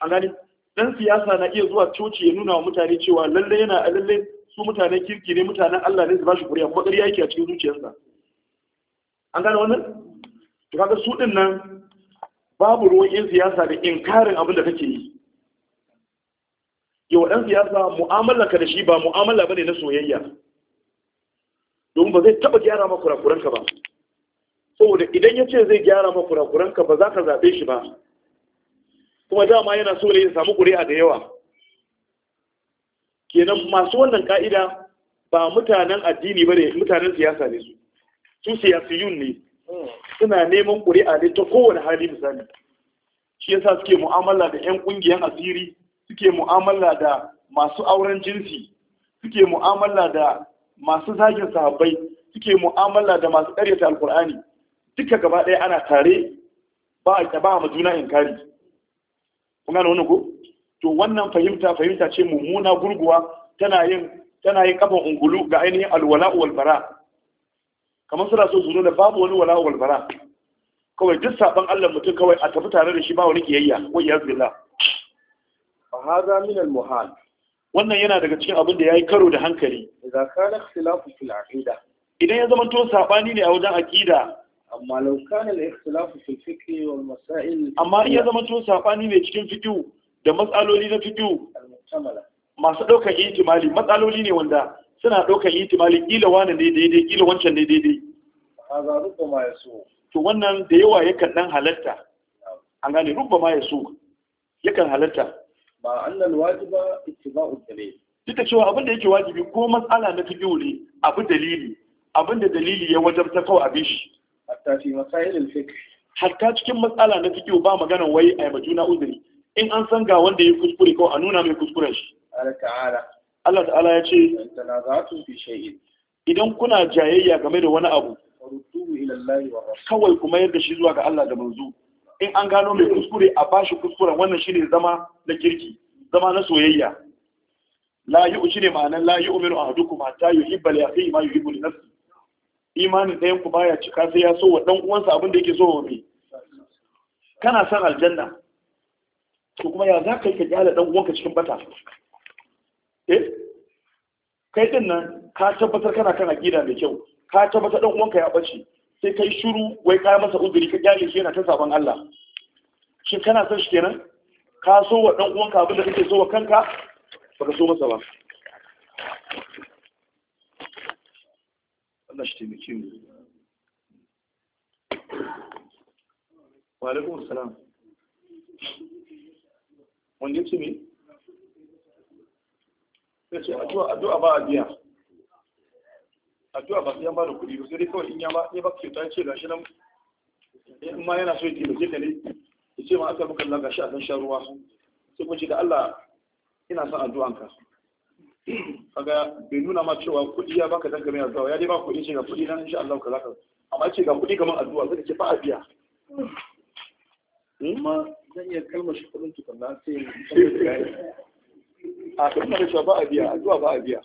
an gani dan siyasa na iya zuwa coci ya nuna wa mutane cewa lalle yana a lalle su mutanen kirki ne mutanen Allah ne su ba shi kuriya kuma ƙarya yake a cikin zuciyarsa an gane wannan to kaga su din nan babu ruwan yin siyasa da inkarin abin da kake yi yau ɗan siyasa mu'amalar ka da shi ba mu'amala ne na soyayya domin ba zai taɓa gyara ma kurakuranka ba saboda idan ya ce zai gyara ma kurakuranka ba za ka zaɓe shi ba kuma dama yana so ne ya samu ƙuri'a da yawa kenan masu wannan ka'ida ba mutanen addini ba ne mutanen siyasa ne su su siyasiyun ne suna neman ƙuri'a ne ta kowane hali misali shi yasa suke mu'amala da 'yan ƙungiyar asiri suke mu'amala da masu auren jinsi suke mu'amala da masu zagin sahabbai suke mu'amala da masu ƙaryata alkur'ani duka gaba ɗaya ana tare ba a ba mu juna inkari kun gane wani ko to wannan fahimta fahimta ce mummuna gurguwa tana yin tana yin kafan ungulu ga ainihin alwala wal bara kamar suna so su nuna babu wani wala wal bara kawai duk saban Allah mutum kawai a tafi tare da shi ba wani kiyayya wa yazbillah فهذا من muhal wannan yana daga cikin abin da yayi karo da hankali idan kana ikhtilafu fil aqida idan ya zama to sabani ne a wajen aqida amma law kana al-ikhtilafu fil fiqh wal masail amma in ya zama to sabani ne cikin fiqh da matsaloli na fiqh masu daukar ihtimali matsaloli ne wanda suna daukar ihtimali kila wani ne daidai kila wancan ne daidai kaza ruba ma yaso to wannan da yawa yakan dan halatta an gane ruba ma ya so yakan halatta ba annal wajiba ittiba'u dalil duka cewa abin da yake wajibi ko matsala na fiqh abu dalili abin da dalili ya wajabta kawai abin shi hatta fi masail al hatta cikin matsala na fiqh ba magana wai ai majuna uzuri in an san ga wanda ya kuskure ko a nuna mai kuskuren shi Allah ta'ala Allah ta'ala ya ce tanazatu fi shay'in idan kuna jayayya game da wani abu ruddu ila Allah wa rasul kawai kuma yadda shi zuwa ga Allah da manzo in an gano mai kuskure a bashi kuskuren wannan shine zama na kirki zama na soyayya la yi shi ne ma'anar la yi umiru a haduku mata yi hibbal ya fi ma yi hibbu da nafsi imanin ɗayan ku baya cika sai ya so wa ɗan uwansa abin da yake so wa mai kana san aljanna to kuma ya za ka yi ka gyara ɗan uwanka cikin bata eh kai din nan ka tabbatar kana kan gida mai kyau ka tabbatar ɗan uwanka ya ɓace sai kai shiru wai ka masa uzuri ka kyale shi yana ta sabon Allah shin kana son shi kenan ka so wa dan uwanka abin da kake so wa kanka baka so masa ba Allah shi taimake mu wa alaikum assalam wanda ce me yace addu'a addu'a ba a biya addu'a ba sai an ba da kuɗi ba sai dai kawai in ya ba ya ba kyauta ce gashi nan eh, in ma yana so ya taimake ka ne ya ce ma aka maka Allah gashi a kan shan ruwa sai kun ce da Allah ina son addu'anka kaga bai nuna ma cewa kuɗi ya baka dan game addu'a ya dai ba kuɗi ce ga kuɗi nan insha Allah kaza kaza amma ce ga kuɗi kamar addu'a sai ce fa a biya in hmm? zan iya kalmar shi kuɗin tukunna sai a kuma da cewa ba a biya addu'a ba a biya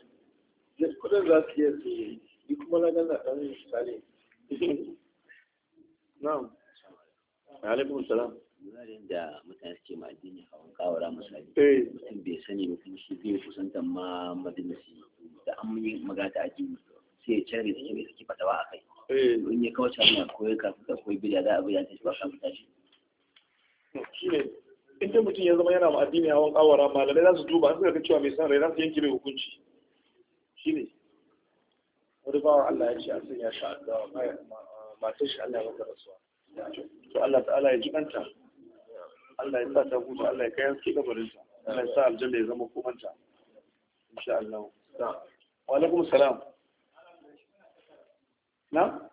kudin za su iya su Ni kuma na gaza ɗan misali. Na'am. Alaikum salam. Wuraren da mutane suke ma addini hawan kawara misali. Eh. Mutum bai sani ba kuma shi bai kusanta ma majalisi da an yi magata addini sai ya cire da cikin suke fatawa a kai. Eh. In ya kawace hanya ko ya kafin ka koyi bidiya za a bayyana shi ba kafin tashi. Shi ne in dai mutum ya zama yana ma addini hawan kawara malamai za su duba an suka ga cewa mai san rai za su yanke mai hukunci. Shi wani bawan Allah ya ce a sanya shi addu'a matar shi Allah ya mata rasuwa to Allah ta'ala ya ji jikanta Allah ya sa ta huta Allah ya kai haske kabarin ta Allah ya sa aljanna ya zama komanta insha Allah wa alaikum salam na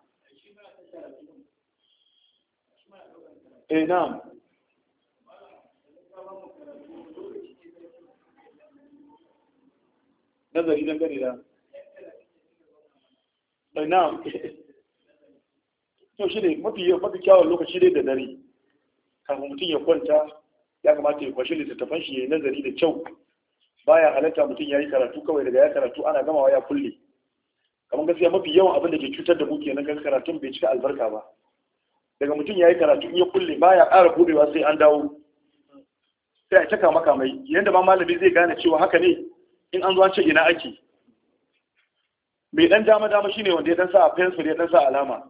eh na. nazari don gani da na'am Yau shine mafi mafi kyawun lokaci dai da dare kafin mutum ya kwanta ya kamata ya kwashi littattafan shi ya yi nazari da kyau baya halatta mutum ya yi karatu kawai daga ya karatu ana gama ya kulle kamar gaskiya mafi yawan abin da ke cutar da mu kenan kan karatun bai cika albarka ba daga mutum ya yi karatu in ya kulle baya ƙara buɗewa sai an dawo sai a cika maka yadda ma malami zai gane cewa haka ne in an zo an ce ina ake mai dan dama dama shine wanda ya dan sa a pencil ya dan sa alama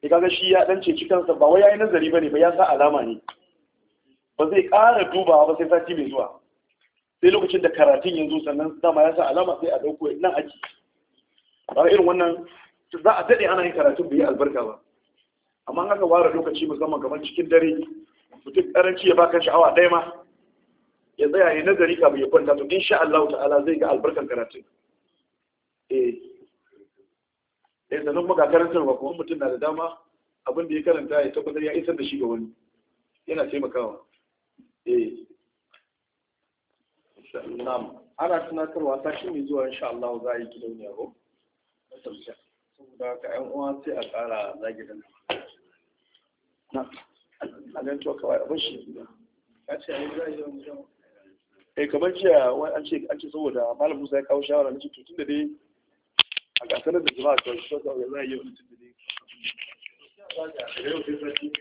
ya kaga shi ya dan ceci kansa ba wai yayi nazari bane ba ya sa alama ne ba zai ƙara dubawa ba sai sati mai zuwa sai lokacin da karatun yanzu sannan dama ya sa alama sai a dauko nan aji ba irin wannan za a daɗe ana yin karatun bai yi albarka ba amma an aka ware lokaci musamman kamar cikin dare mutum karanci ya baka sha'awa ɗaya ma ya tsaya ya nazari kafin ya kwanta to insha Allah ta'ala zai ga albarkan karatun eh eh sannan kuma ga ba kuma mutum na da dama abin da ya karanta ya tabbatar ya isar da shi ga wani yana taimakawa eh na'am ana tunatarwa sashi mai zuwa insha Allah za a yi gidan yaro. saboda ka ƴan uwa sai a ƙara zagidan na a gantuwa kawai abin shi ya ce a yi za a yi gidauniya eh kamar jiya an ce saboda malam Musa ya kawo shawara na cikin tun da dai a gasarar da jama'a kawai shi wata wanda za a yi wani tunani